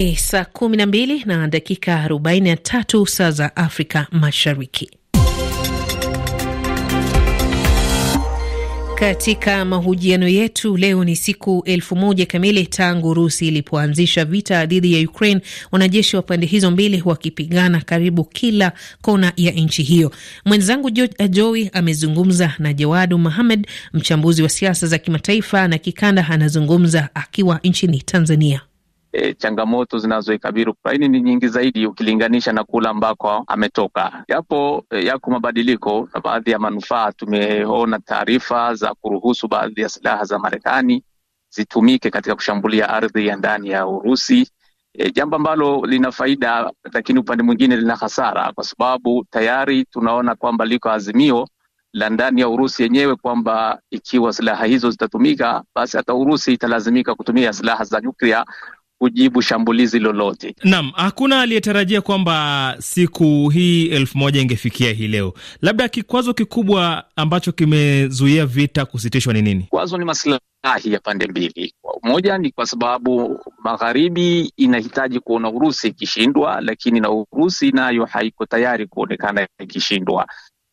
Ni saa kumi na mbili na dakika arobaini na tatu saa za Afrika Mashariki. Katika mahojiano yetu leo, ni siku elfu moja kamili tangu Urusi ilipoanzisha vita dhidi ya Ukraine, wanajeshi wa pande hizo mbili wakipigana karibu kila kona ya nchi hiyo. Mwenzangu George Ajoi amezungumza na Jawadu Mohamed, mchambuzi wa siasa za kimataifa na kikanda, anazungumza akiwa nchini Tanzania e, changamoto zinazoikabiri Ukraini ni nyingi zaidi ukilinganisha na kule ambako ametoka, yapo e, yako mabadiliko na baadhi ya manufaa. Tumeona taarifa za kuruhusu baadhi ya silaha za Marekani zitumike katika kushambulia ardhi ya ndani ya Urusi. E, jambo ambalo lina faida, lakini upande mwingine lina hasara, kwa sababu tayari tunaona kwamba liko azimio la ndani ya Urusi yenyewe kwamba ikiwa silaha hizo zitatumika, basi hata Urusi italazimika kutumia silaha za nyuklia kujibu shambulizi lolote. Naam, hakuna aliyetarajia kwamba siku hii elfu moja ingefikia hii leo. Labda kikwazo kikubwa ambacho kimezuia vita kusitishwa ni nini? Kwazo ni masilahi ya pande mbili. Moja ni kwa sababu magharibi inahitaji kuona Urusi ikishindwa, lakini na Urusi nayo haiko tayari kuonekana ikishindwa.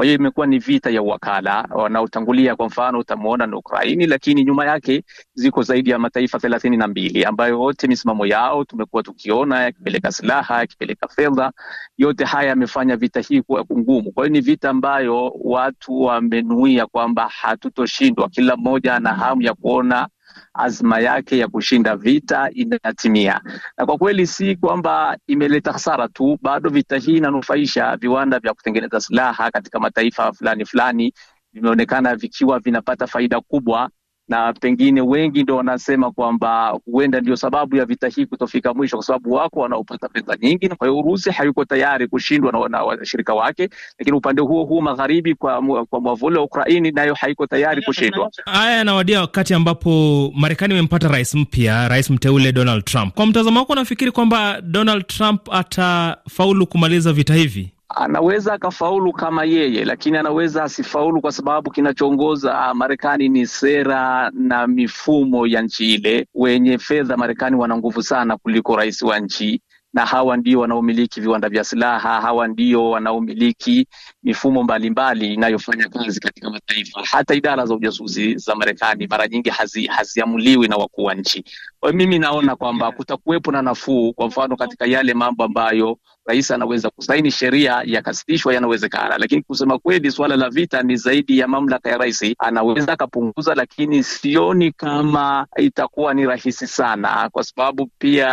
Kwa hiyo imekuwa ni vita ya uwakala wanaotangulia. Kwa mfano utamwona na Ukraini, lakini nyuma yake ziko zaidi ya mataifa thelathini na mbili ambayo wote misimamo yao tumekuwa tukiona yakipeleka silaha, yakipeleka fedha. Yote haya yamefanya vita hii kuwa ngumu. Kwa hiyo ni vita ambayo watu wamenuia kwamba hatutoshindwa, kila mmoja ana hamu ya kuona azma yake ya kushinda vita inatimia. Na kwa kweli si kwamba imeleta hasara tu, bado vita hii inanufaisha viwanda vya kutengeneza silaha katika mataifa fulani fulani, vimeonekana vikiwa vinapata faida kubwa na pengine wengi ndo wanasema kwamba huenda ndio sababu ya vita hii kutofika mwisho, kwa sababu wako wanaopata pesa nyingi. Kwa hiyo Urusi hayuko tayari kushindwa na, na washirika wake, lakini upande huo huo magharibi kwa, kwa mwavuli wa Ukraini nayo haiko tayari kushindwa. Haya yanawadia wakati ambapo Marekani imempata rais mpya, rais mteule Donald Trump. Kwa mtazamo wako, unafikiri kwamba Donald Trump atafaulu kumaliza vita hivi? anaweza akafaulu kama yeye, lakini anaweza asifaulu, kwa sababu kinachoongoza ah, Marekani ni sera na mifumo ya nchi ile. Wenye fedha Marekani wana nguvu sana kuliko rais wa nchi, na hawa ndio wanaomiliki viwanda vya silaha, hawa ndio wanaomiliki mifumo mbalimbali inayofanya kazi katika mataifa. Hata idara za ujasusi za Marekani mara nyingi hazi, haziamuliwi na wakuu wa nchi. Kwa mimi naona kwamba kutakuwepo na nafuu, kwa mfano katika yale mambo ambayo rais anaweza kusaini sheria yakasitishwa, yanawezekana. Lakini kusema kweli, suala la vita ni zaidi ya mamlaka ya rais, anaweza akapunguza, lakini sioni kama itakuwa ni rahisi sana, kwa sababu pia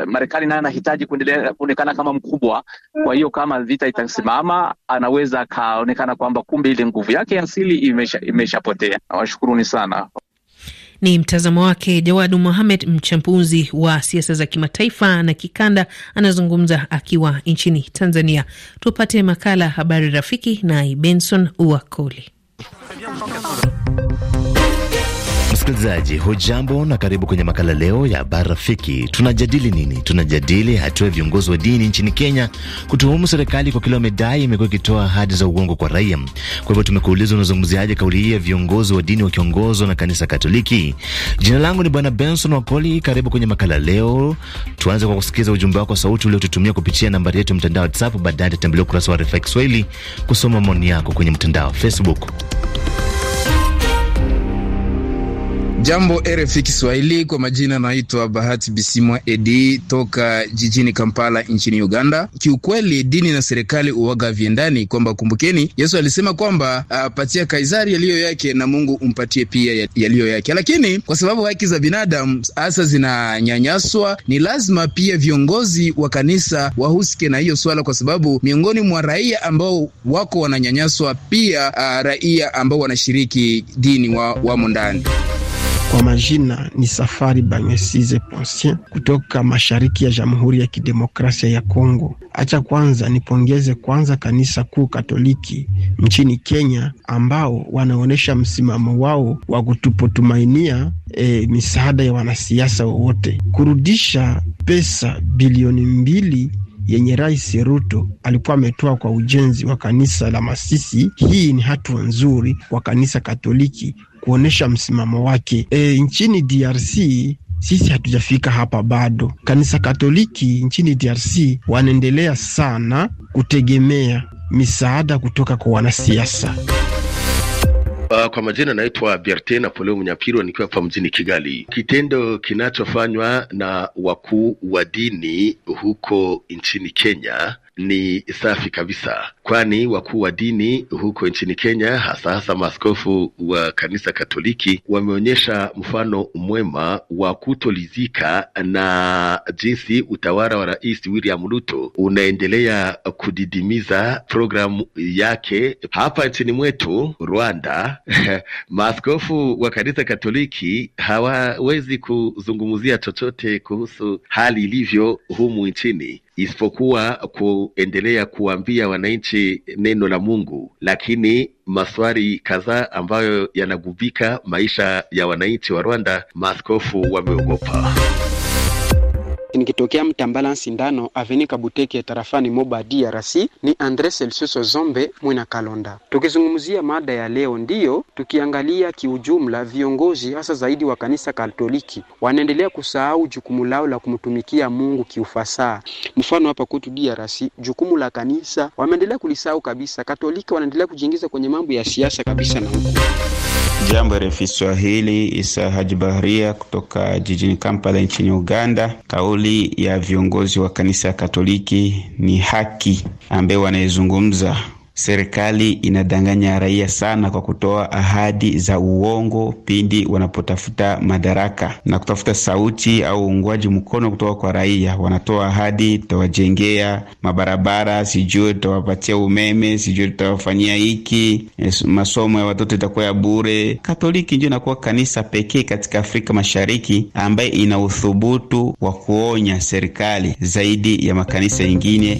eh, Marekani naye anahitaji kuendelea kuonekana kama mkubwa. Kwa hiyo kama vita itasimama, anaweza anaweza akaonekana kwamba kumbe ile nguvu yake asili imeshapotea imesha. Nawashukuruni sana. Ni mtazamo wake Jawadu Mohamed, mchambuzi wa siasa za kimataifa na kikanda, anazungumza akiwa nchini Tanzania. Tupate makala Habari Rafiki na Benson Wakoli. Msikilizaji hujambo, na karibu kwenye makala leo ya habari rafiki. Tunajadili nini? Tunajadili hatua ya viongozi wa dini nchini Kenya kutuhumu serikali kwa kile wamedai imekuwa ikitoa ahadi za uongo kwa raia. Kwa hivyo tumekuuliza, unazungumziaje kauli hii ya viongozi wa dini wakiongozwa na kanisa Katoliki? Jina langu ni Bwana Benson Wakoli, karibu kwenye makala leo. Tuanze kwa kusikiliza ujumbe wako sauti uliotutumia kupitia nambari yetu ya mtandao WhatsApp. Baadaye tatembelea ukurasa wa RFI Kiswahili kusoma maoni yako kwenye mtandao wa Facebook. Jambo RFI Kiswahili, kwa majina naitwa Bahati Bisimwa Edi toka jijini Kampala nchini Uganda. Kiukweli dini na serikali uwaga viendani, kwamba kumbukeni, Yesu alisema kwamba apatia ah, Kaisari yaliyo yake na Mungu umpatie pia yaliyo yake, lakini kwa sababu haki za binadamu hasa zinanyanyaswa, ni lazima pia viongozi wa kanisa wahusike na hiyo swala, kwa sababu miongoni mwa raia ambao wako wananyanyaswa pia a, ah, raia ambao wanashiriki dini wa, wamo ndani kwa majina ni Safari Banyesize Ponsien kutoka mashariki ya Jamhuri ya Kidemokrasia ya Kongo. Acha kwanza nipongeze kwanza kanisa kuu Katoliki nchini Kenya ambao wanaonyesha msimamo wao wa kutupotumainia e, misaada ya wanasiasa wowote. Kurudisha pesa bilioni mbili yenye Rais Ruto alikuwa ametoa kwa ujenzi wa kanisa la Masisi. Hii ni hatua nzuri kwa kanisa Katoliki kuonyesha msimamo wake. E, nchini DRC sisi hatujafika hapa bado. Kanisa Katoliki nchini DRC wanaendelea sana kutegemea misaada kutoka kwa wanasiasa. Uh, kwa majina naitwa Berte Napoleo Mnyapirwa nikiwa hapa mjini Kigali. Kitendo kinachofanywa na wakuu wa dini huko nchini Kenya ni safi kabisa kwani wakuu wa dini huko nchini Kenya, hasa hasa maaskofu wa kanisa Katoliki wameonyesha mfano mwema wa kutolizika na jinsi utawala wa Rais William Ruto unaendelea kudidimiza programu yake hapa nchini mwetu Rwanda. Maaskofu wa kanisa Katoliki hawawezi kuzungumzia chochote kuhusu hali ilivyo humu nchini isipokuwa kuendelea kuambia wananchi kuishi neno la Mungu, lakini maswali kadhaa ambayo yanagubika maisha ya wananchi wa Rwanda, maaskofu wameogopa. Nikitokea Mtambala Sindano aveni Kabuteke tarafani Moba DRC ni Andre Celsius Zombe Mwina Kalonda. Tukizungumzia mada ya leo, ndiyo tukiangalia kiujumla, viongozi hasa zaidi wa kanisa Katoliki wanaendelea kusahau jukumu lao la kumtumikia Mungu kiufasaha. Mfano hapa kwetu DRC, jukumu la kanisa wameendelea kulisahau kabisa. Katoliki wanaendelea kujiingiza kwenye mambo ya siasa kabisa na huko Jambo refi Swahili, Isa Haji kutoka jijini Kampala nchini Uganda. Kauli kauli ya viongozi wa kanisa Katoliki ni haki ambayo wanayezungumza Serikali inadanganya raia sana kwa kutoa ahadi za uongo pindi wanapotafuta madaraka na kutafuta sauti au uungwaji mkono kutoka kwa raia. Wanatoa ahadi, tutawajengea mabarabara, sijui tutawapatia umeme, sijui tutawafanyia hiki, eh, masomo ya watoto itakuwa ya bure. Katoliki ndio inakuwa kanisa pekee katika Afrika Mashariki ambaye ina uthubutu wa kuonya serikali zaidi ya makanisa yengine.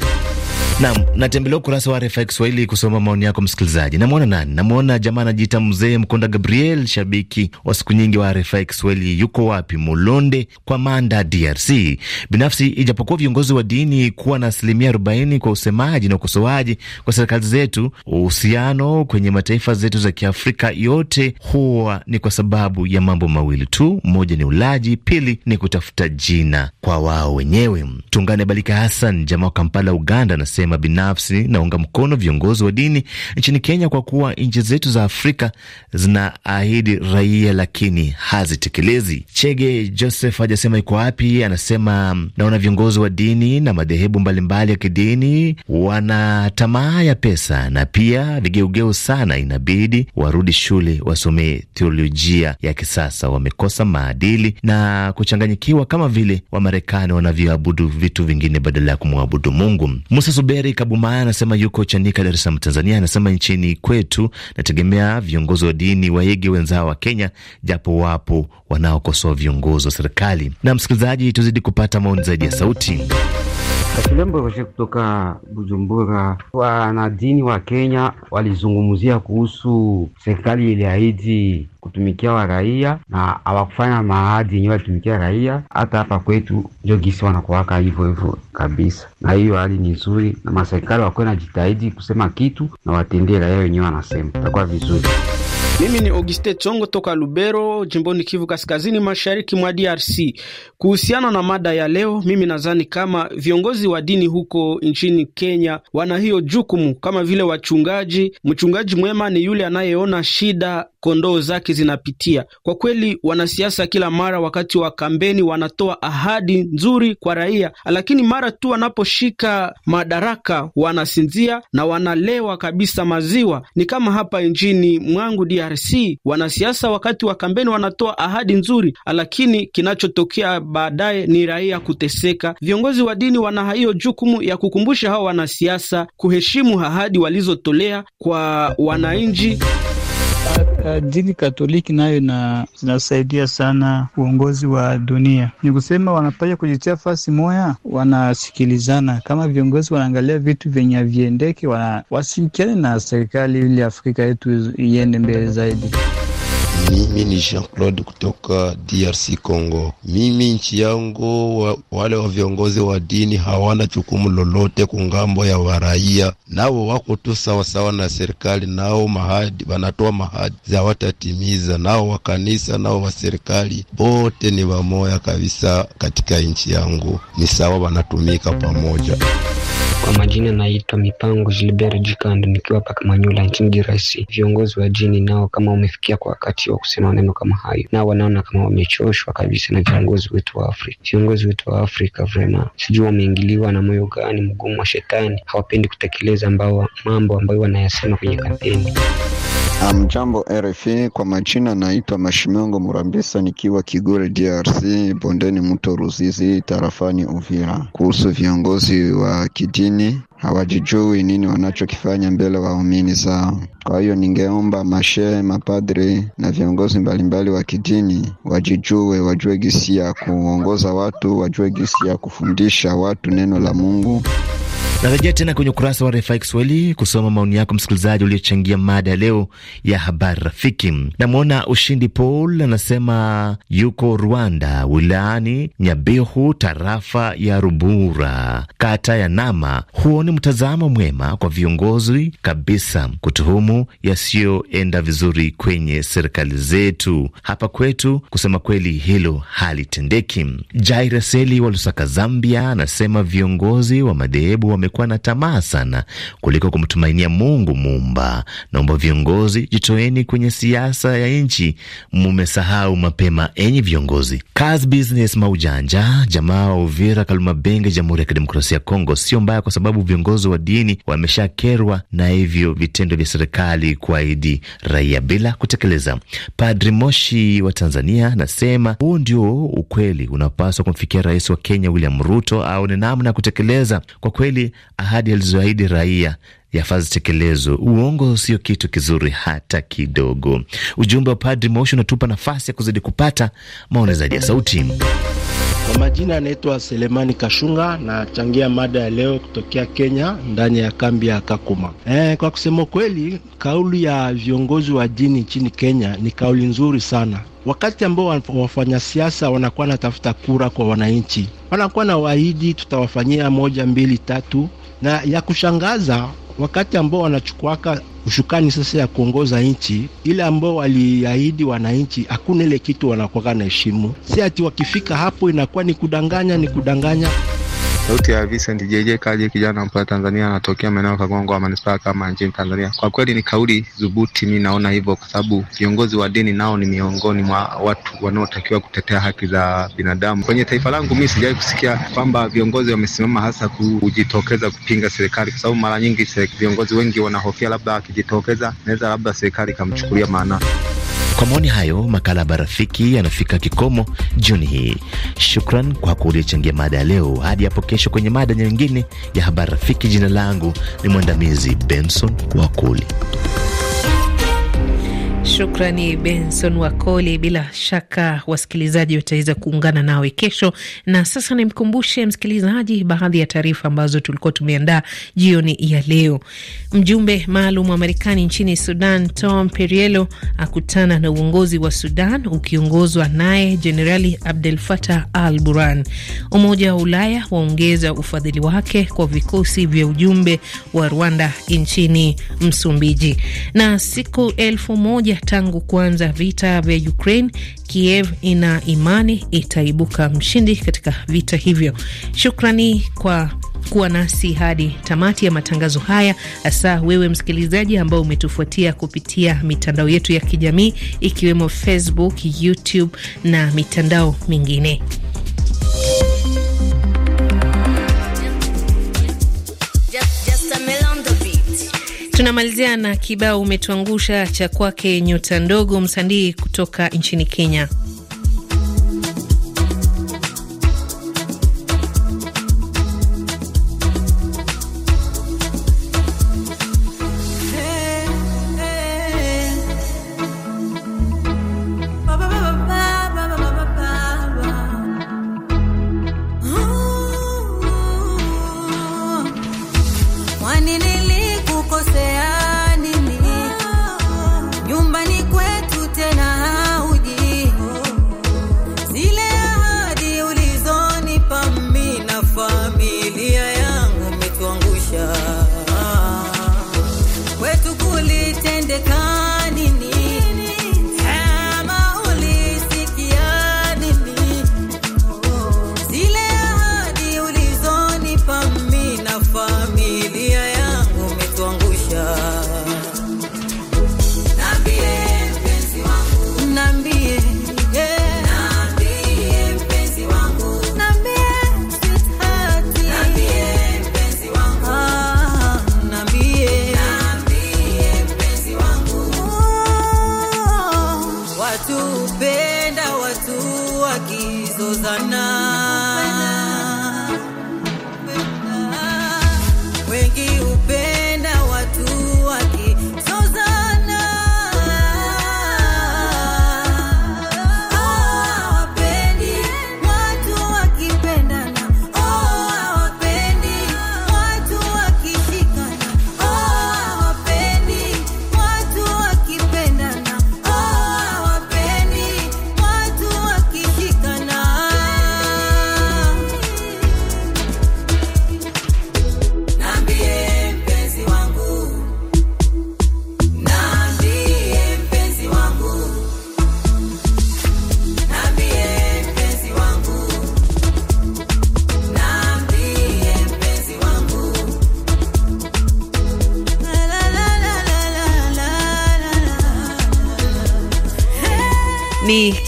Nam, natembelea ukurasa wa RFI Kiswahili kusoma maoni yako msikilizaji. Namwona nani? Namwona jamaa anajiita mzee Mkonda Gabriel, shabiki wa siku nyingi wa RFI Kiswahili. Yuko wapi? Mulonde kwa Manda, DRC. Binafsi, ijapokuwa viongozi wa dini kuwa na asilimia 40 kwa usemaji na ukosoaji kwa serikali zetu, uhusiano kwenye mataifa zetu za Kiafrika yote huwa ni kwa sababu ya mambo mawili tu, moja ni ulaji, pili ni kutafuta jina kwa wao wenyewe. Tungane Balika Hassan, jamaa wa Kampala, Uganda, anasema amesema binafsi naunga mkono viongozi wa dini nchini Kenya kwa kuwa nchi zetu za Afrika zinaahidi raia lakini hazitekelezi. Chege Joseph hajasema iko wapi, anasema naona viongozi wa dini na madhehebu mbalimbali ya kidini wana tamaa ya pesa na pia vigeugeu sana, inabidi warudi shule wasomee teolojia ya kisasa. Wamekosa maadili na kuchanganyikiwa kama vile Wamarekani wanavyoabudu vitu vingine badala ya kumwabudu Mungu. Musa Sube Zuberi Kabumaya anasema yuko Chanika, Dar es Salaam, Tanzania. Anasema nchini kwetu nategemea viongozi wa dini waige wenzao wa Kenya, japo wapo wanaokosoa viongozi wa serikali. Na msikilizaji, tuzidi kupata maoni zaidi ya sauti Kachilembo roshe kutoka Bujumbura. Wanadini wa Kenya walizungumzia kuhusu serikali iliahidi kutumikia wa raia na hawakufanya maadi yenyewe walitumikia raia. Hata hapa kwetu ndio gisi wanakuwaka hivyo hivyo kabisa, na hiyo hali ni nzuri, na maserikali wakuwe najitahidi kusema kitu na watendee raia wenyewe, wanasema itakuwa vizuri. Mimi ni Auguste chongo toka Lubero, jimboni Kivu Kaskazini, mashariki mwa DRC. Kuhusiana na mada ya leo, mimi nadhani kama viongozi wa dini huko nchini Kenya wana hiyo jukumu, kama vile wachungaji. Mchungaji mwema ni yule anayeona shida kondoo zake zinapitia. Kwa kweli, wanasiasa kila mara wakati wa kampeni wanatoa ahadi nzuri kwa raia, lakini mara tu wanaposhika madaraka wanasinzia na wanalewa kabisa maziwa. Ni kama hapa nchini mwangu DRC DRC, wanasiasa wakati wa kampeni wanatoa ahadi nzuri, lakini kinachotokea baadaye ni raia kuteseka. Viongozi wa dini wana hiyo jukumu ya kukumbusha hao wanasiasa kuheshimu ahadi walizotolea kwa wananchi. Uh, dini Katoliki nayo na zinasaidia sana uongozi wa dunia. Ni kusema wanapasha kujitia fasi moya, wanasikilizana. Kama viongozi wanaangalia vitu vyenye haviendeki, wasikiane na serikali ili Afrika yetu iende mbele zaidi. Mimi ni Jean Claude kutoka DRC Congo. Mimi nchi yangu wa, wale wa viongozi wa dini hawana jukumu lolote kungambo ya waraia, nao wako tu sawasawa na serikali, nao mahadi wanatoa mahadi zawatatimiza, nao wa kanisa nao wa serikali bote ni wamoya kabisa. Katika nchi yangu ni sawa, wanatumika pamoja. Kwa majina naitwa Mipango Gilbert Jikando nikiwa Pakamanyula nchini DRC. Viongozi wa jini nao kama umefikia kwa wakati wa kusema maneno kama hayo, nao wanaona kama wamechoshwa kabisa na viongozi wetu wa Afrika. Viongozi wetu wa Afrika vrema, sijui wameingiliwa na moyo gani mgumu wa shetani, hawapendi kutekeleza ambao mambo ambayo wanayasema kwenye kampeni. Mjambo RFI, kwa majina naitwa Mashimango Murambisa, nikiwa kigure DRC, bondeni mto Ruzizi, tarafani Uvira. Kuhusu viongozi wa kidini hawajijui nini wanachokifanya mbele waumini zao. Kwa hiyo ningeomba mashehe, mapadri na viongozi mbalimbali wa kidini wajijue, wajue gisi ya kuongoza watu, wajue gisi ya kufundisha watu neno la Mungu. Narejea tena kwenye ukurasa wa RFI Kiswahili kusoma maoni yako msikilizaji, uliochangia mada ya leo ya habari rafiki. Namwona Ushindi Paul anasema yuko Rwanda, wilayani Nyabihu, tarafa ya Rubura, kata ya Nama. Huo ni mtazamo mwema kwa viongozi kabisa kutuhumu yasiyoenda vizuri kwenye serikali zetu. Hapa kwetu kusema kweli, hilo halitendeki. Jairaseli wa Lusaka, Zambia, anasema viongozi wa madhehebu wame aliyekuwa na tamaa sana kuliko kumtumainia Mungu Muumba. Naomba viongozi, jitoeni kwenye siasa ya nchi, mumesahau mapema, enyi viongozi. Kazi business maujanja, jamaa wa Uvira Kaluma Benge, Jamhuri ya Kidemokrasia ya Kongo sio mbaya, kwa sababu viongozi wa dini wameshakerwa na hivyo vitendo vya serikali kuahidi raia bila kutekeleza. Padri Moshi wa Tanzania anasema huu ndio ukweli unapaswa kumfikia rais wa Kenya William Ruto aone namna ya kutekeleza. Kwa kweli ahadi alizoahidi raia yafazi tekelezo. Uongo sio kitu kizuri hata kidogo. Ujumbe wa Padri Moshi unatupa nafasi ya kuzidi kupata maoni zaidi ya sauti. Kwa majina anaitwa Selemani Kashunga, nachangia mada ya leo kutokea Kenya, ndani ya kambi ya Kakuma. E, kwa kusema kweli, kauli ya viongozi wa dini nchini Kenya ni kauli nzuri sana wakati ambao wafanya siasa wanakuwa natafuta kura kwa wananchi, wanakuwa na waahidi tutawafanyia moja mbili tatu, na ya kushangaza wakati ambao wanachukuaka ushukani sasa ya kuongoza nchi ile ambao waliahidi wananchi, hakuna ile kitu wanakuwa na heshimu. Si ati wakifika hapo inakuwa ni kudanganya, ni kudanganya. Sauti ya Vincent JJ Kaje, kijana mpoa Tanzania, anatokea maeneo ya Kagongo manispaa kama nchini Tanzania. Kwa kweli ni kauli dhubuti, mi naona hivyo, kwa sababu viongozi wa dini nao ni miongoni mwa watu wanaotakiwa kutetea haki za binadamu. Kwenye taifa langu mi sijawahi kusikia kwamba viongozi wamesimama hasa kujitokeza kupinga serikali, kwa sababu mara nyingi viongozi wengi wanahofia labda akijitokeza naweza labda serikali ikamchukulia maana kwa maoni hayo, makala ya barafiki yanafika kikomo jioni hii. Shukran kwa kuliochangia mada ya leo. Hadi hapo kesho kwenye mada nyingine ya habari rafiki. Jina langu ni mwandamizi Benson Wakuli. Shukrani Benson Wakoli. Bila shaka wasikilizaji wataweza kuungana nawe kesho. Na sasa nimkumbushe msikilizaji baadhi ya taarifa ambazo tulikuwa tumeandaa jioni ya leo. Mjumbe maalum wa Marekani nchini Sudan Tom Perriello akutana na uongozi wa Sudan ukiongozwa naye Jenerali Abdel Fattah al Burhan. Umoja wa Ulaya waongeza ufadhili wake kwa vikosi vya ujumbe wa Rwanda nchini Msumbiji na siku elfu moja moja tangu kuanza vita vya Ukraine, Kiev ina imani itaibuka mshindi katika vita hivyo. Shukrani kwa kuwa nasi hadi tamati ya matangazo haya, hasa wewe msikilizaji ambao umetufuatia kupitia mitandao yetu ya kijamii ikiwemo Facebook, YouTube na mitandao mingine. Tunamalizia na kibao umetuangusha cha kwake Nyota Ndogo, msanii kutoka nchini Kenya. Yesu Zana.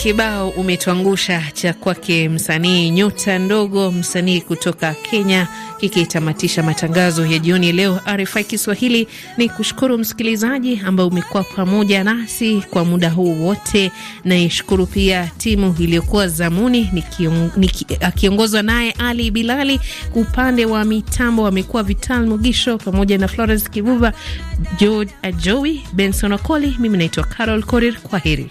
kibao umetuangusha cha kwake msanii Nyota Ndogo, msanii kutoka Kenya, kikitamatisha matangazo ya jioni leo RFI Kiswahili. Ni kushukuru msikilizaji ambao umekuwa pamoja nasi kwa muda huu wote. Naishukuru pia timu iliyokuwa zamuni akiongozwa naye Ali Bilali, upande wa mitambo amekuwa Vital Mugisho pamoja na Florence Kivuva, George Ajowi, uh, Benson Okoli. Mimi naitwa Carol Korir, kwa heri.